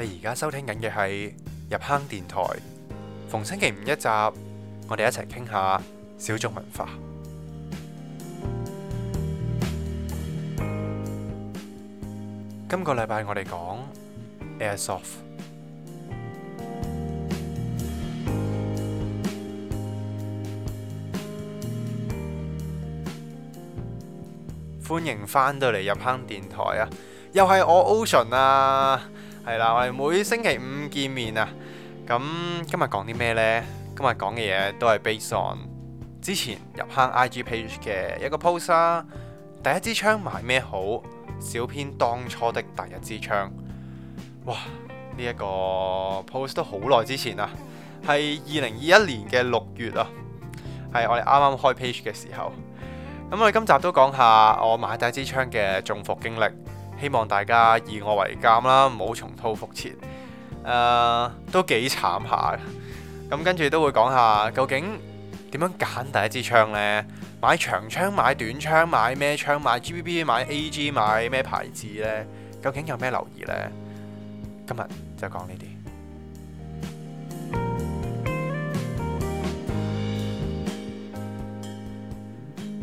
你而家收聽緊嘅係入坑電台，逢星期五一集，我哋一齊傾下小眾文化。今個禮拜我哋講 Airsoft，歡迎翻到嚟入坑電台啊！又係我 Ocean 啊！係啦，我哋每星期五見面啊。咁今日講啲咩呢？今日講嘅嘢都係 based on 之前入坑 IG page 嘅一個 post、啊、第一支槍買咩好？小編當初的第一支槍。哇！呢一個 post 都好耐之前啊，係二零二一年嘅六月啊，係我哋啱啱開 page 嘅時候。咁我哋今集都講下我買第一支槍嘅中伏經歷。希望大家以我為鑑啦，唔好重蹈覆轍。誒、uh，都幾慘下。咁 跟住都會講下，究竟點樣揀第一支槍呢？買長槍、買短槍、買咩槍、買 GBB、買 AG、買咩牌子呢？究竟有咩留意呢？今日就講呢啲。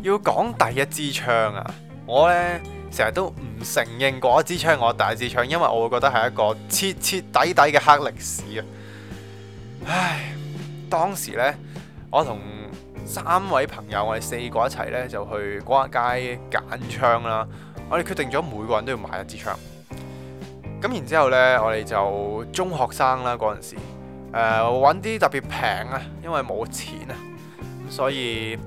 要講第一支槍啊，我呢。成日都唔承認嗰支槍，我大支槍，因為我會覺得係一個徹徹底底嘅黑歷史啊！唉，當時咧，我同三位朋友，我哋四個一齊呢，就去廣華街揀槍啦。我哋決定咗每個人都要買一支槍。咁然之後呢，我哋就中學生啦嗰陣時，誒、揾啲特別平啊，因為冇錢啊，所以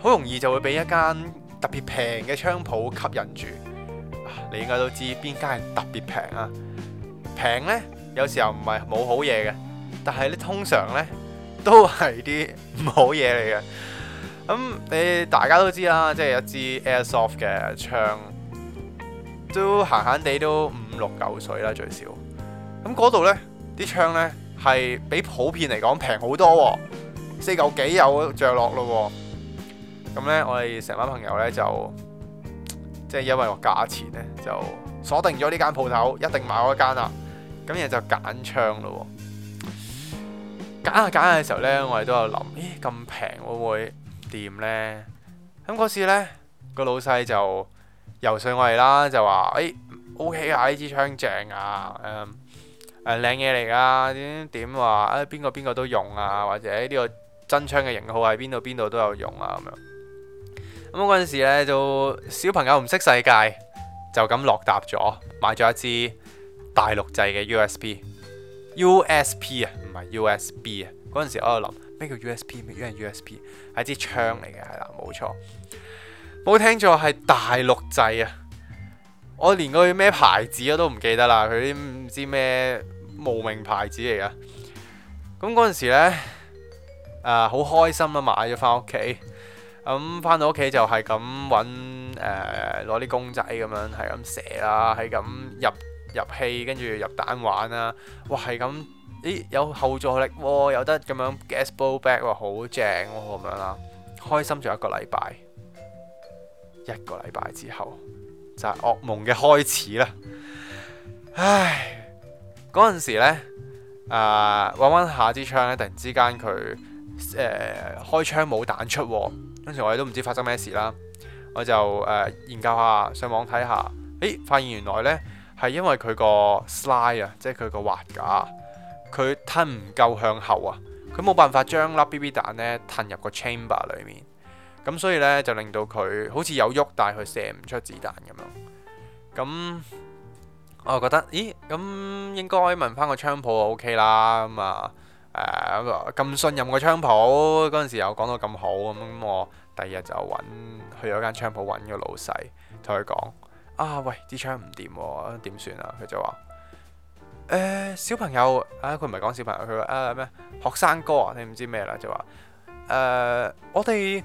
好容易就會俾一間特別平嘅槍舖吸引住，你應該都知邊間係特別平啊？平呢，有時候唔係冇好嘢嘅，但係咧通常呢，都係啲唔好嘢嚟嘅。咁、嗯、你大家都知啦，即係一支 Airsoft 嘅槍，都閒閒地都五六嚿水啦最少。咁嗰度呢啲槍呢，係比普遍嚟講平好多，哦，四嚿幾有着落咯，哦。咁呢，我哋成班朋友呢，就即係因為價錢呢，就鎖定咗呢間鋪頭，一定買嗰間啦。咁然就揀槍咯喎，揀下揀下嘅時候呢，我哋都有諗咦咁平會唔會掂呢？咁嗰次呢，個老細就游説我哋啦，就話誒 O K 啊，呢支槍正啊，誒誒靚嘢嚟噶點點話啊？邊個邊個都用啊？或者呢個真槍嘅型號喺邊度邊度都有用啊？咁樣。咁嗰陣時咧，就小朋友唔識世界，就咁落搭咗，買咗一支大陸製嘅 USB，USP 啊，唔係 USB US 啊。嗰陣時我喺度諗咩叫 USB，咩叫 USB，係支槍嚟嘅，係啦，冇錯。冇聽錯，係大陸製啊！我連個咩牌子，我都唔記得啦，佢啲唔知咩無名牌子嚟嘅。咁嗰陣時咧，誒、啊，好開心啊，買咗翻屋企。咁翻、嗯、到屋企就係咁揾誒攞啲公仔咁樣，係咁射啦，係咁入入氣，跟住入彈玩啦、啊。哇，係咁咦有後座力喎、哦，有得咁樣 gas blow back 喎、哦，好正喎、哦、咁樣啦，開心咗一個禮拜。一個禮拜之後就係、是、噩夢嘅開始啦。唉，嗰、那、陣、個、時咧揾揾下支槍咧，突然之間佢誒、呃、開槍冇彈出喎、啊。嗰陣時我哋都唔知發生咩事啦，我就誒、呃、研究下上網睇下，誒發現原來呢，係因為佢個 slide 啊，即係佢個滑架，佢褪唔夠向後啊，佢冇辦法將粒 B B 彈呢褪入個 chamber 裡面，咁所以呢，就令到佢好似有喐，但係佢射唔出子彈咁樣。咁我就覺得，咦，咁應該問翻個槍鋪就 O K 啦，咁啊誒咁信任個槍鋪，嗰陣時又講到咁好咁、嗯，我。第二日就揾去咗間槍鋪揾個老細，同佢講：啊，喂，啲槍唔掂，點算啊？佢、啊、就話：誒、呃，小朋友，啊，佢唔係講小朋友，佢話啊咩學生哥啊，你唔知咩啦，就話：誒，我哋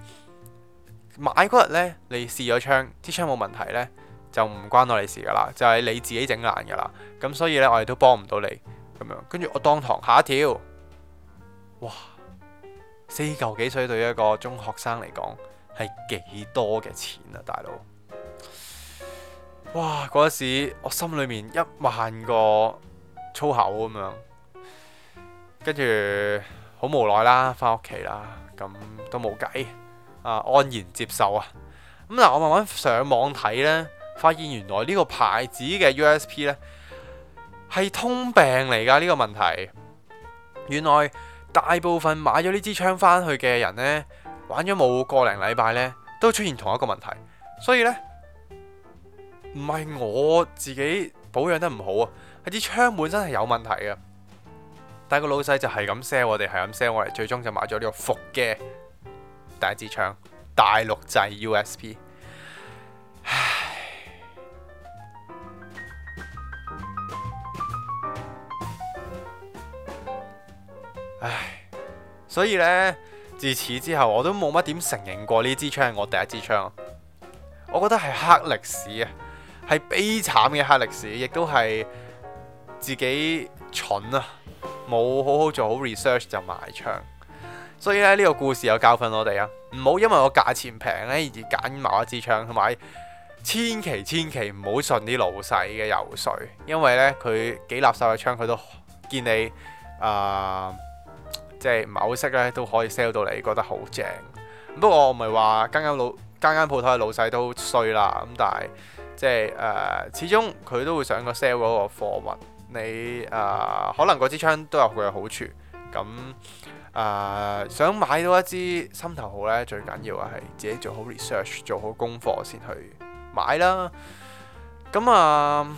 買嗰日呢，你試咗槍，支槍冇問題呢，就唔關我哋事噶啦，就係、是、你自己整爛噶啦，咁所以呢，我哋都幫唔到你咁樣。跟住我當堂嚇一跳，哇！四嚿幾水對於一個中學生嚟講係幾多嘅錢啊，大佬！哇！嗰陣時我心裏面一萬個粗口咁樣，跟住好無奈啦，翻屋企啦，咁都冇計啊，安然接受啊。咁嗱，我慢慢上網睇呢，發現原來呢個牌子嘅 USP 呢係通病嚟㗎，呢個問題原來。大部分買咗呢支槍返去嘅人呢，玩咗冇個零禮拜呢，都出現同一個問題。所以呢，唔係我自己保養得唔好啊，係支槍本身係有問題嘅。但係個老細就係咁 sell 我哋，係咁 sell 我哋，最終就買咗呢個伏嘅第一支槍，大陸製 USP。唉，所以呢，自此之後我都冇乜點承認過呢支槍係我第一支槍。我覺得係黑歷史啊，係悲慘嘅黑歷史，亦都係自己蠢啊，冇好好做好 research 就買槍。所以呢，呢個故事有教訓我哋啊，唔好因為我價錢平咧而揀某一支槍，同埋千祈千祈唔好信啲老細嘅遊說，因為呢，佢幾垃圾嘅槍佢都見你啊。呃即係某色咧都可以 sell 到你覺得好正，不過我唔係話間間老間間鋪頭嘅老細都衰啦，咁但係即係誒、呃，始終佢都會想個 sell 嗰個貨物，你誒、呃、可能嗰支槍都有佢嘅好處，咁誒、呃、想買到一支心頭好咧，最緊要係自己做好 research，做好功課先去買啦。咁啊、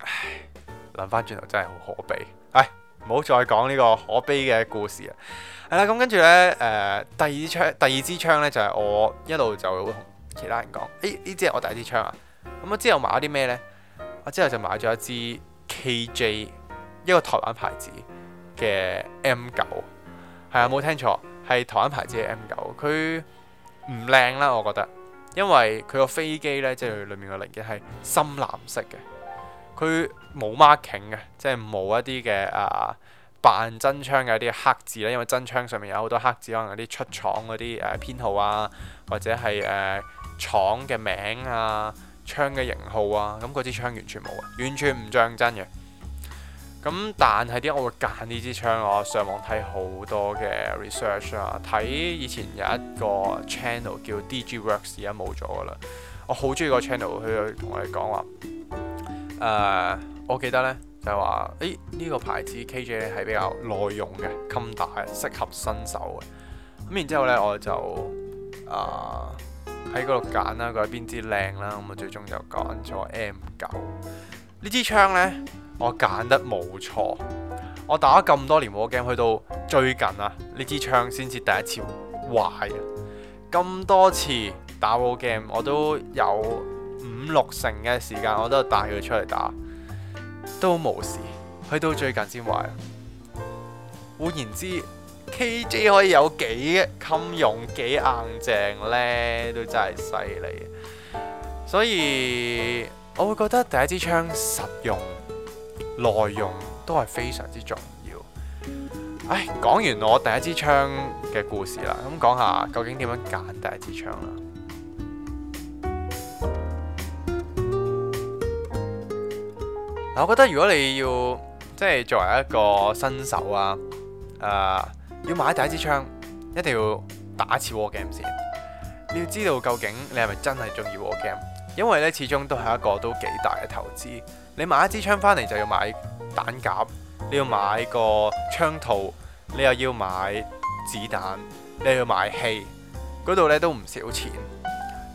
呃，唉，諗翻轉頭真係好可悲，係。唔好再講呢個可悲嘅故事啊！係啦，咁跟住呢，誒、呃、第二槍，第二支槍呢，就係、是、我一路就會同其他人講，誒呢支係我第一支槍啊！咁我之後買咗啲咩呢？我之後就買咗一支 KJ，一個台灣牌子嘅 M 九，係啊冇聽錯，係台灣牌子嘅 M 九，佢唔靚啦，我覺得，因為佢個飛機呢，即、就、係、是、裡面個零件係深藍色嘅，佢冇 marking 嘅。即係冇一啲嘅啊，扮、呃、真槍嘅一啲黑字啦，因為真槍上面有好多黑字，可能有啲出廠嗰啲誒編號啊，或者係誒、呃、廠嘅名啊，槍嘅型號啊，咁嗰支槍完全冇啊，完全唔像真嘅。咁但係點解我會揀呢支槍？我上網睇好多嘅 research 啊，睇以前有一個 channel 叫 Digiworks 而家冇咗噶啦，我好中意個 channel，佢同我哋講話誒，我記得呢。」就係話，誒、欸、呢、這個牌子 KJ 係比較耐用嘅，襟打，適合新手嘅。咁然之後呢，我就啊喺嗰度揀啦，佢邊支靚啦。咁我最終就揀咗 M 九呢支槍呢，我揀得冇錯。我打咗咁多年 war game，去到最近啊，呢支槍先至第一次壞。咁多次打 war game，我都有五六成嘅時間，我都帶佢出嚟打。都冇事，去到最近先壞啊！換言之，KJ 可以有幾襟用，幾硬淨呢？都真係犀利。所以我會覺得第一支槍實用、耐用都係非常之重要。唉，講完我第一支槍嘅故事啦，咁講下究竟點樣揀第一支槍啦？我覺得如果你要即係作為一個新手啊，誒、呃、要買第一支槍，一定要打一次 War Game 先。你要知道究竟你係咪真係中意 War Game？因為呢始終都係一個都幾大嘅投資。你買一支槍翻嚟就要買彈夾，你要買個槍套，你又要買子彈，你又要買氣，嗰度呢都唔少錢。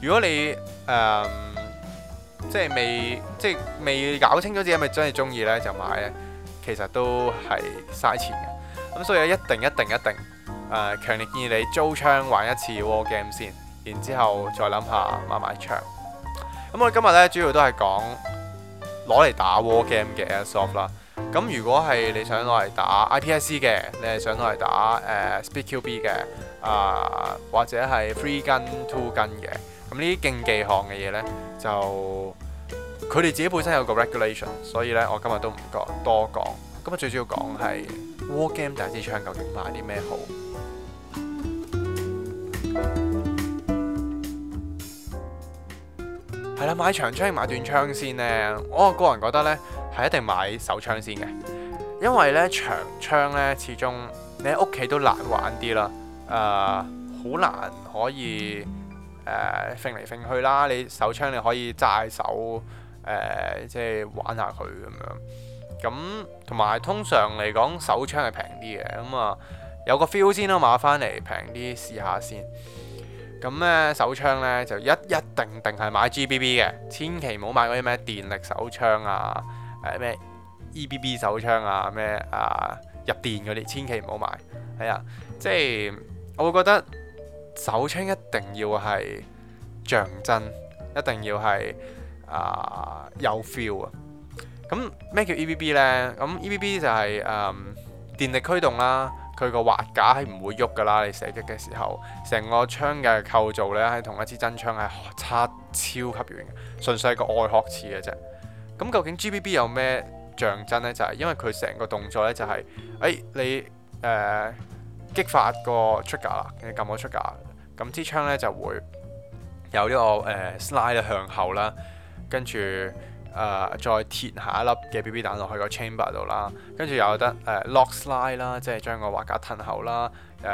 如果你誒，呃即係未，即係未搞清楚自己係咪真係中意呢，就買呢，其實都係嘥錢嘅。咁所以一定一定一定，誒、呃，強烈建議你租槍玩一次 war game 先，然之後再諗下買唔買槍。咁我今日呢，主要都係講攞嚟打 war game 嘅 airsoft 啦。咁如果係你想攞嚟打 IPSC 嘅，你係想攞嚟打誒、呃、speed QB 嘅，啊、呃、或者係 three gun two gun 嘅。咁呢啲競技項嘅嘢呢，就佢哋自己本身有個 regulation，所以呢，我今日都唔講多講。今日最主要講係 war game 第一支槍究竟買啲咩好？係啦， 嗯、買長槍定買短槍先呢？我個人覺得呢，係一定買手槍先嘅，因為呢長槍呢，始終你喺屋企都難玩啲啦，誒、呃、好難可以。誒飛嚟飛去啦，你手槍你可以揸手，誒、呃、即係玩下佢咁樣。咁同埋通常嚟講，手槍係平啲嘅。咁啊，有個 feel 先咯，買翻嚟平啲試下先。咁咧手槍呢，就一一定定係買 GBB 嘅，千祈唔好買嗰啲咩電力手槍啊，誒、啊、咩 EBB 手槍啊，咩啊入電嗰啲，千祈唔好買。係啊，即係我會覺得。手槍一定要係象真，一定要係啊、呃、有 feel 啊。咁咩叫 EBB 呢？咁 EBB 就係、是、誒、嗯、電力驅動啦，佢個滑架係唔會喐噶啦。你射擊嘅時候，成個槍嘅構造呢，係同一支真槍係、哦、差超級遠嘅，純粹係個外殼似嘅啫。咁究竟 GBB 有咩象真呢？就係、是、因為佢成個動作呢、就是，就係誒你誒、呃、激發個出格啦，跟住撳咗出格。咁支槍咧就會有呢、這個誒、呃、slide 向後啦，跟住誒、呃、再貼下一粒嘅 BB 彈落去個 chamber 度啦，跟住又有得誒、呃、lock slide 啦，即係將個滑架吞後啦，誒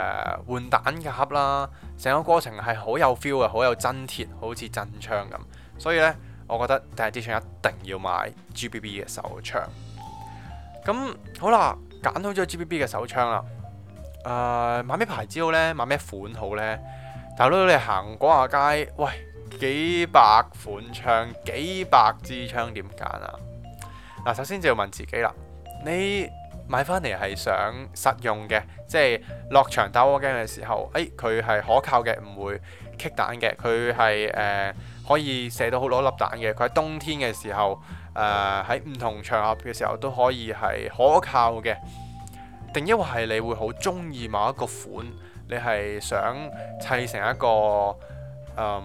換彈匣啦，成個過程係好有 feel 嘅，好有真鐵，好似真槍咁。所以咧，我覺得第一支槍一定要買 G B B 嘅手槍。咁好啦，揀好咗 G B B 嘅手槍啦。誒、呃、買咩牌子好咧？買咩款好咧？大佬，你行廣華街，喂，幾百款槍，幾百支槍點揀啊？嗱，首先就要問自己啦，你買返嚟係想實用嘅，即係落場打 war game 嘅時候，誒佢係可靠嘅，唔會棘彈嘅，佢係誒可以射到好多粒彈嘅，佢喺冬天嘅時候，誒喺唔同場合嘅時候都可以係可靠嘅，定抑或係你會好中意某一個款？你係想砌成一個、嗯、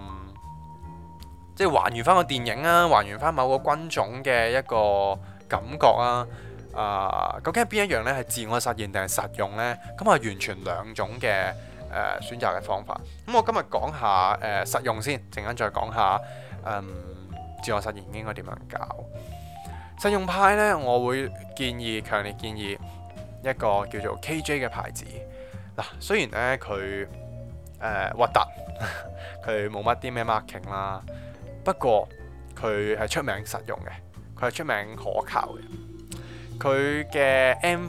即係還原翻個電影啊，還原翻某個軍種嘅一個感覺啊，啊，究竟係邊一樣呢？係自我實現定係實用呢？咁啊，完全兩種嘅誒、呃、選擇嘅方法。咁、嗯、我今日講下誒、呃、實用先，陣間再講下嗯自我實現應該點樣搞。實用派呢，我會建議、強烈建議一個叫做 KJ 嘅牌子。嗱，雖然咧佢誒核突，佢冇乜、呃、啲咩 marking 啦，不過佢係出名實用嘅，佢係出名可靠嘅。佢嘅 M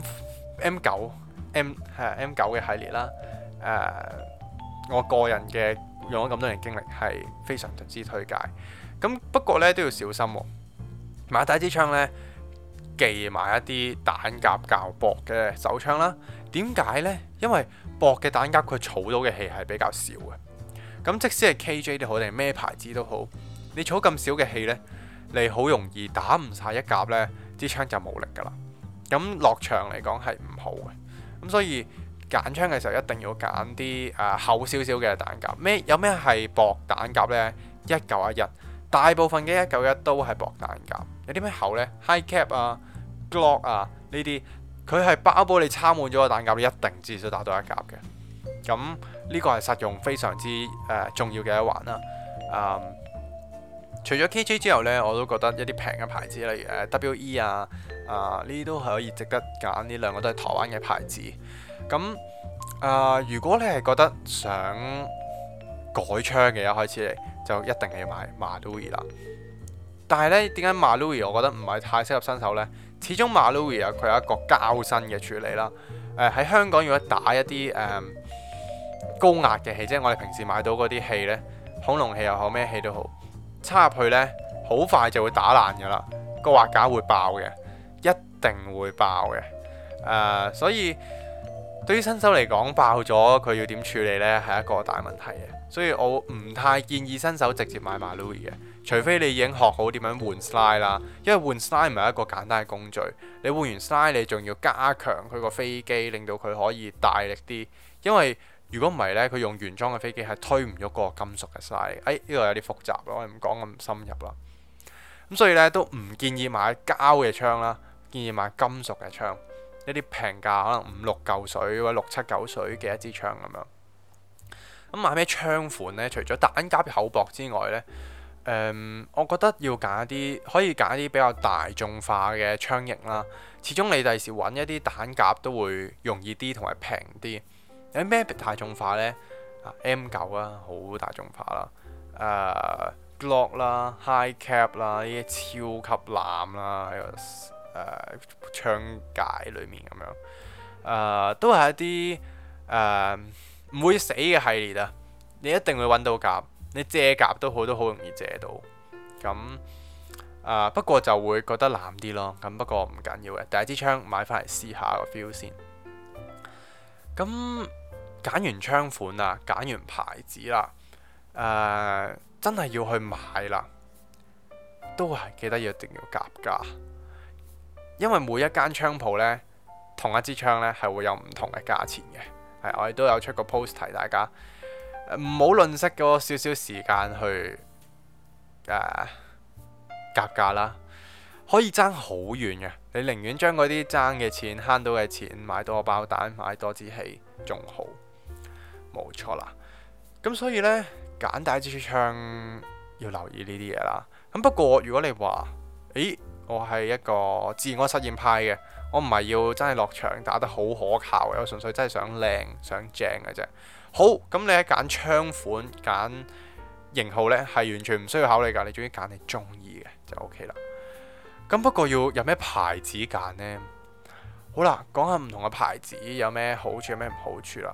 M 九 M 係、啊、M 九嘅系列啦，誒、啊，我個人嘅用咗咁多年經歷係非常之推介。咁不過咧都要小心喎、啊，買第一支槍咧。寄埋一啲彈夾較薄嘅手槍啦，點解呢？因為薄嘅彈夾佢儲到嘅氣係比較少嘅。咁即使係 KJ 都好，定咩牌子都好，你儲咁少嘅氣呢，你好容易打唔晒一夾呢支槍就冇力噶啦。咁落場嚟講係唔好嘅。咁所以揀槍嘅時候一定要揀啲誒厚少少嘅彈夾。咩有咩係薄彈夾呢？一九一一，大部分嘅一九一都係薄彈夾。有啲咩厚呢？High cap 啊。Glock 啊，呢啲佢係包保你插滿咗個彈夾，你一定至少打到一夾嘅。咁呢個係實用非常之誒、呃、重要嘅一環啦、啊嗯。除咗 KJ 之後呢，我都覺得一啲平嘅牌子，例如誒 W E 啊啊呢啲都可以值得揀。呢兩個都係台灣嘅牌子。咁、嗯、啊、呃，如果你係覺得想改槍嘅一開始嚟，就一定係要買 Marui e 啦。但係呢點解 Marui？e 我覺得唔係太適合新手呢？始終 Marui 啊，佢有一個膠身嘅處理啦。誒、呃、喺香港如果打一啲誒、嗯、高壓嘅氣，即係我哋平時買到嗰啲氣呢，恐龍氣又好咩氣都好，插入去呢，好快就會打爛嘅啦。個滑架會爆嘅，一定會爆嘅。誒、呃，所以對於新手嚟講，爆咗佢要點處理呢？係一個大問題嘅。所以我唔太建議新手直接買 Marui 嘅。除非你已經學好點樣換 slide 啦，因為換 slide 唔係一個簡單嘅工序。你換完 slide 你仲要加強佢個飛機，令到佢可以大力啲。因為如果唔係呢，佢用原裝嘅飛機係推唔喐嗰個金屬嘅 slide 哎，呢、這個有啲複雜咯，我哋唔講咁深入啦。咁所以呢，都唔建議買膠嘅槍啦，建議買金屬嘅槍。一啲平價可能五六嚿水或者六七嚿水嘅一支槍咁樣。咁買咩槍款呢？除咗彈夾厚薄之外呢。誒，um, 我覺得要揀一啲，可以揀一啲比較大眾化嘅槍型啦。始終你第時揾一啲彈夾都會容易啲同埋平啲。有啲咩大眾化呢？M9 啦、啊，好大眾化啦。誒、uh，Glock 啦、啊、High Cap 啦、啊，呢啲超級濫啦、啊，喺個誒、uh, 槍界裏面咁樣。誒、uh，都係一啲誒唔會死嘅系列啊！你一定會揾到夾。你借夾都好，都好容易借到。咁啊、呃，不過就會覺得難啲咯。咁不過唔緊要嘅，第一支槍買翻嚟試下個 feel 先。咁揀完槍款啦，揀完牌子啦，誒、呃、真係要去買啦，都係記得一定要夾價，因為每一間槍鋪呢，同一支槍呢係會有唔同嘅價錢嘅。係，我哋都有出個 post 提大家。唔好吝惜嗰少少時間去誒夾價啦，可以爭好遠嘅。你寧願將嗰啲爭嘅錢、慳到嘅錢買多個包蛋，買多支氣，仲好，冇錯啦。咁所以呢，揀大支槍，要留意呢啲嘢啦。咁不過，如果你話，誒，我係一個自我實驗派嘅。我唔係要真係落場打得好可靠嘅，我純粹真係想靚想正嘅啫。好，咁你一揀槍款揀型號呢，係完全唔需要考慮噶。你總之揀你中意嘅就 OK 啦。咁不過要有咩牌子揀呢？好啦，講下唔同嘅牌子有咩好處，有咩唔好處啦。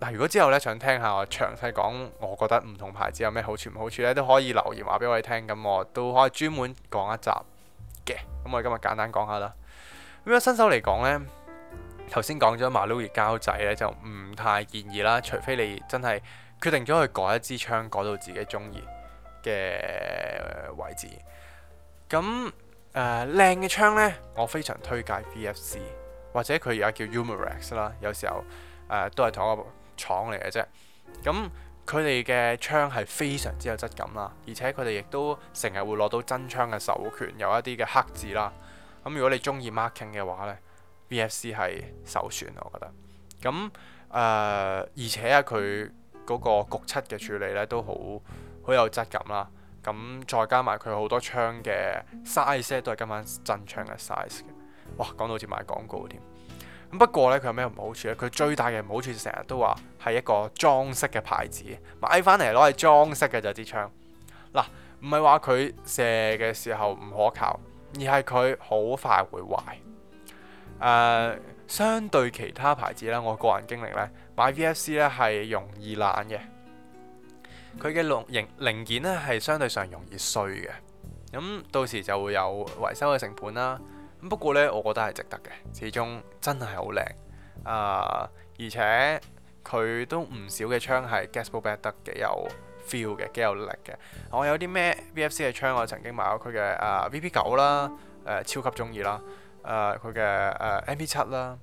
嗱，如果之後呢，想聽下我詳細講，我覺得唔同牌子有咩好處唔好處呢，都可以留言話俾我哋聽。咁我都可以專門講一集嘅。咁、yeah, 我哋今日簡單講下啦。咁樣新手嚟講呢，頭先講咗馬路易膠仔呢，就唔太建議啦。除非你真係決定咗去改一支槍，改到自己中意嘅位置。咁誒靚嘅槍呢，我非常推介 VFC 或者佢而家叫 Umarex 啦。有時候誒、呃、都係同一個廠嚟嘅啫。咁佢哋嘅槍係非常之有質感啦，而且佢哋亦都成日會攞到真槍嘅授權，有一啲嘅刻字啦。咁如果你中意 marking 嘅話呢 BFC 係首選，我覺得。咁誒、呃，而且啊，佢嗰個焗漆嘅處理呢都好好有質感啦。咁再加埋佢好多槍嘅 size 都係今晚真槍嘅 size 嘅。哇，講到好似賣廣告添。咁不過呢，佢有咩唔好處呢？佢最大嘅唔好處成日都話係一個裝飾嘅牌子，買翻嚟攞嚟裝飾嘅就係支槍。嗱，唔係話佢射嘅時候唔可靠。而係佢好快會壞，誒、uh，相對其他牌子咧，我個人經歷呢，買 VFC 呢係容易爛嘅，佢嘅六零零件呢係相對上容易碎嘅，咁、嗯、到時就會有維修嘅成本啦。咁不過呢，我覺得係值得嘅，始終真係好靚啊，uh, 而且佢都唔少嘅槍係 gas blowback 得嘅有。feel 嘅幾有力嘅，我、哦、有啲咩 VFC 嘅槍，我曾經買咗佢嘅 VP 九啦、呃，超級中意啦，佢、呃、嘅、呃、MP 七啦，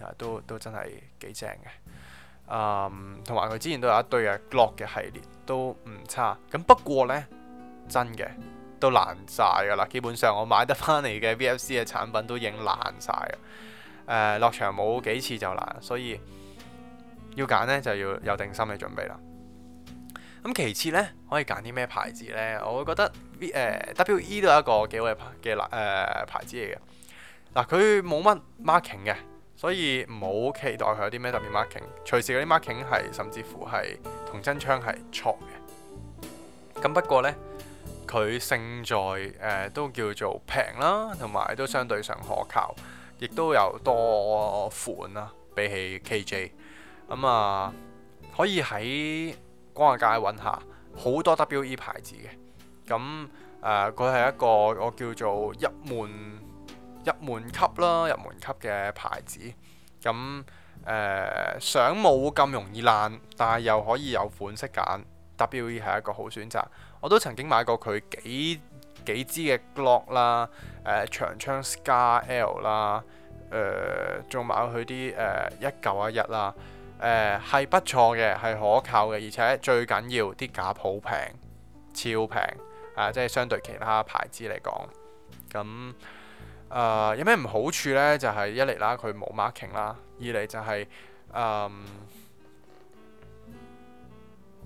啊、都都真係幾正嘅，同埋佢之前都有一對啊 Glock 嘅系列都唔差，咁不過呢，真嘅都爛晒噶啦，基本上我買得翻嚟嘅 VFC 嘅產品都已經爛晒嘅，落場冇幾次就爛，所以要揀呢，就要有定心嘅準備啦。咁其次呢，可以揀啲咩牌子呢？我會覺得 V 誒、呃、WE 都有一個幾好嘅、呃、牌子嚟嘅。嗱，佢冇乜 marking 嘅，所以唔好期待佢有啲咩特別 marking。隨時嗰啲 marking 係甚至乎係同真槍係錯嘅。咁不過呢，佢勝在誒、呃、都叫做平啦，同埋都相對上可靠，亦都有多款啦、啊，比起 KJ。咁啊、呃，可以喺廣華街揾下，好多 WE 牌子嘅。咁、嗯、誒，佢、呃、係一個我叫做入門入門級啦，入門級嘅牌子。咁、嗯、誒，想冇咁容易爛，但係又可以有款式揀。WE 係一個好選擇。我都曾經買過佢幾幾支嘅 Glock 啦，誒、呃、長槍 Scar L 啦，誒、呃、仲買佢啲誒一九一一啦。誒係、呃、不錯嘅，係可靠嘅，而且最緊要啲假普平超平啊，即係相對其他牌子嚟講。咁、呃、有咩唔好處呢？就係、是、一嚟啦，佢冇 marking 啦、就是；二嚟就係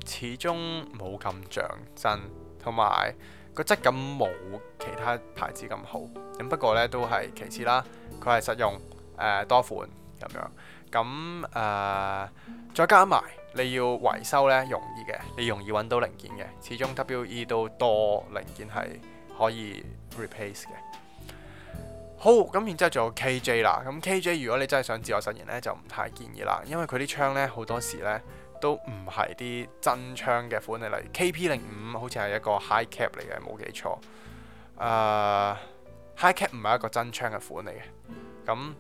始終冇咁像真，同埋個質感冇其他牌子咁好。咁不過呢，都係其次啦，佢係實用、呃、多款咁樣。咁誒、呃，再加埋你要維修呢，容易嘅，你容易揾到零件嘅。始終 WE 都多零件係可以 replace 嘅。好，咁然之後仲有 KJ 啦。咁 KJ 如果你真係想自我實現呢，就唔太建議啦，因為佢啲槍呢，好多時呢，都唔係啲真槍嘅款嚟。例如 KP 零五好似係一個 high cap 嚟嘅，冇記錯。誒，high cap 唔係一個真槍嘅款嚟嘅。咁。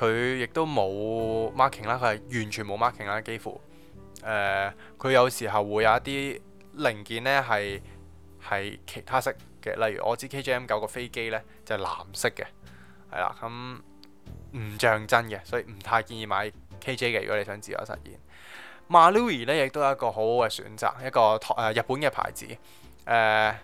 佢亦都冇 marking 啦，佢係完全冇 marking 啦、呃，幾乎誒，佢有時候會有一啲零件咧係係其他色嘅，例如我知 K J M 九個飛機咧就係、是、藍色嘅，係啦，咁唔像真嘅，所以唔太建議買 K J 嘅。如果你想自我實現。Marui 咧亦都有一個好好嘅選擇，一個台、呃、日本嘅牌子誒、呃，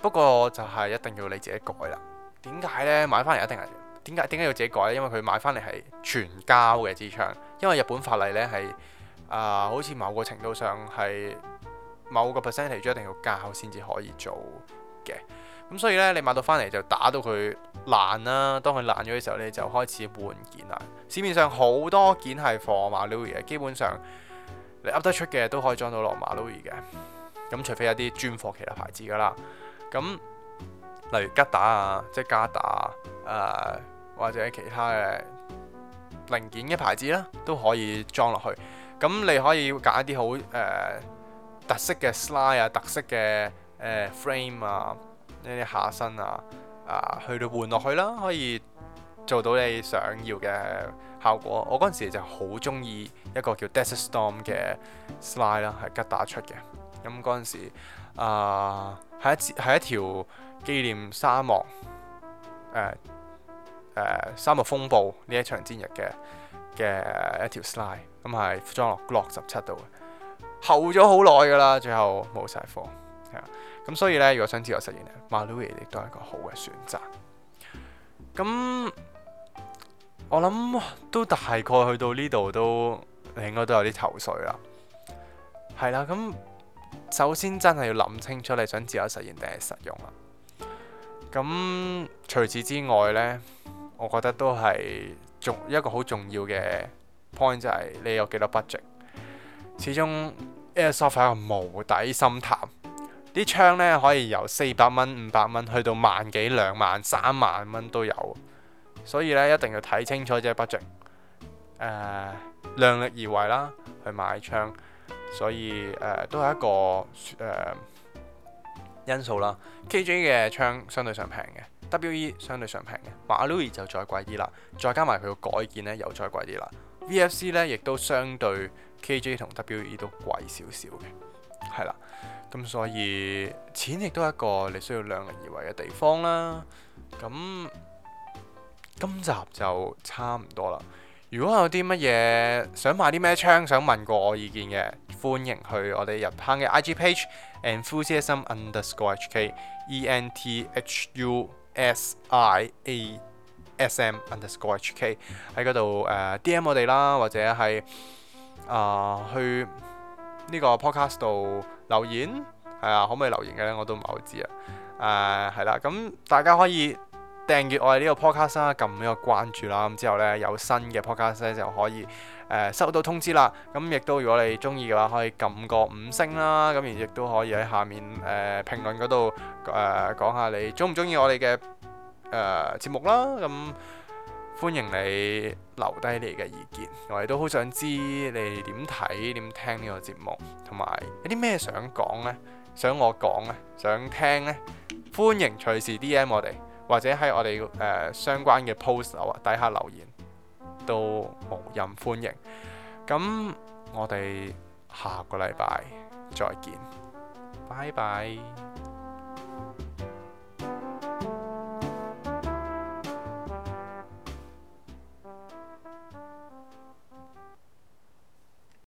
不過就係一定要你自己改啦。點解咧？買翻嚟一定係。點解點解要自己改咧？因為佢買翻嚟係全膠嘅支槍，因為日本法例呢，係啊、呃，好似某個程度上係某個 percentage 一定要膠先至可以做嘅。咁、嗯、所以呢，你買到翻嚟就打到佢爛啦。當佢爛咗嘅時候呢，就開始換件啦。市面上好多件係羅馬路易嘅，基本上你噏得出嘅都可以裝到羅馬路易嘅。咁、嗯、除非有啲專貨其他牌子噶啦。咁、嗯、例如吉打啊，即係加打啊，呃或者其他嘅零件嘅牌子啦，都可以裝落去。咁你可以揀一啲好誒特色嘅 slide 啊，特色嘅誒、呃、frame 啊，呢啲下身啊，啊、呃、去到換落去啦，可以做到你想要嘅效果。我嗰陣時就好鍾意一個叫 Desert Storm 嘅 slide 啦，係吉打出嘅。咁嗰陣時啊，係、呃、一係一條紀念沙漠、呃誒沙漠風暴呢一場戰役嘅嘅、呃、一條 slide，咁、嗯、係裝落 Glock 17度嘅，候咗好耐噶啦，最後冇晒貨，係啊，咁、嗯、所以咧，如果想自由實現咧 Marui 亦都係一個好嘅選擇。咁、嗯、我諗都大概去到呢度都，你應該都有啲頭緒啦。係啦，咁、嗯、首先真係要諗清楚，你想自由實現定係實用啊？咁、嗯、除此之外咧。我覺得都係仲一個好重要嘅 point 就係你有幾多 budget。始終 Airsoft 係一個無底深潭，啲槍呢可以由四百蚊、五百蚊去到萬幾、兩萬、三萬蚊都有，所以呢，一定要睇清楚隻 budget、呃、量力而為啦去買槍，所以、呃、都係一個、呃因素啦，KJ 嘅槍相對上平嘅，WE 相對上平嘅，Marui 就再貴啲啦，再加埋佢個改件呢又再貴啲啦，VFC 呢亦都相對 KJ 同 WE 都貴少少嘅，係啦，咁所以錢亦都係一個你需要量力而為嘅地方啦，咁今集就差唔多啦，如果有啲乜嘢想買啲咩槍想問過我意見嘅。歡迎去我哋入坑嘅 IG page，enthusiasm_hk，e n t h u s i a s m_hk，喺嗰度誒 DM 我哋啦，或者係啊、呃、去呢個 podcast 度留言，係啊，可唔可以留言嘅咧？我都唔係好知啊。誒、呃、係啦，咁大家可以。訂閱我哋呢個 podcast 啦，撳呢個關注啦。咁之後呢有新嘅 podcast 呢就可以誒收到通知啦。咁亦都如果你中意嘅話，可以撳個五星啦。咁而亦都可以喺下面誒評論嗰度誒講下你中唔中意我哋嘅誒節目啦。咁歡迎你留低你嘅意見，我哋都好想知你點睇、點聽呢個節目，同埋有啲咩想講呢，想我講呢，想聽呢，歡迎隨時 DM 我哋。或者喺我哋誒、呃、相關嘅 post 底下留言都無任歡迎。咁我哋下個禮拜再見，拜拜。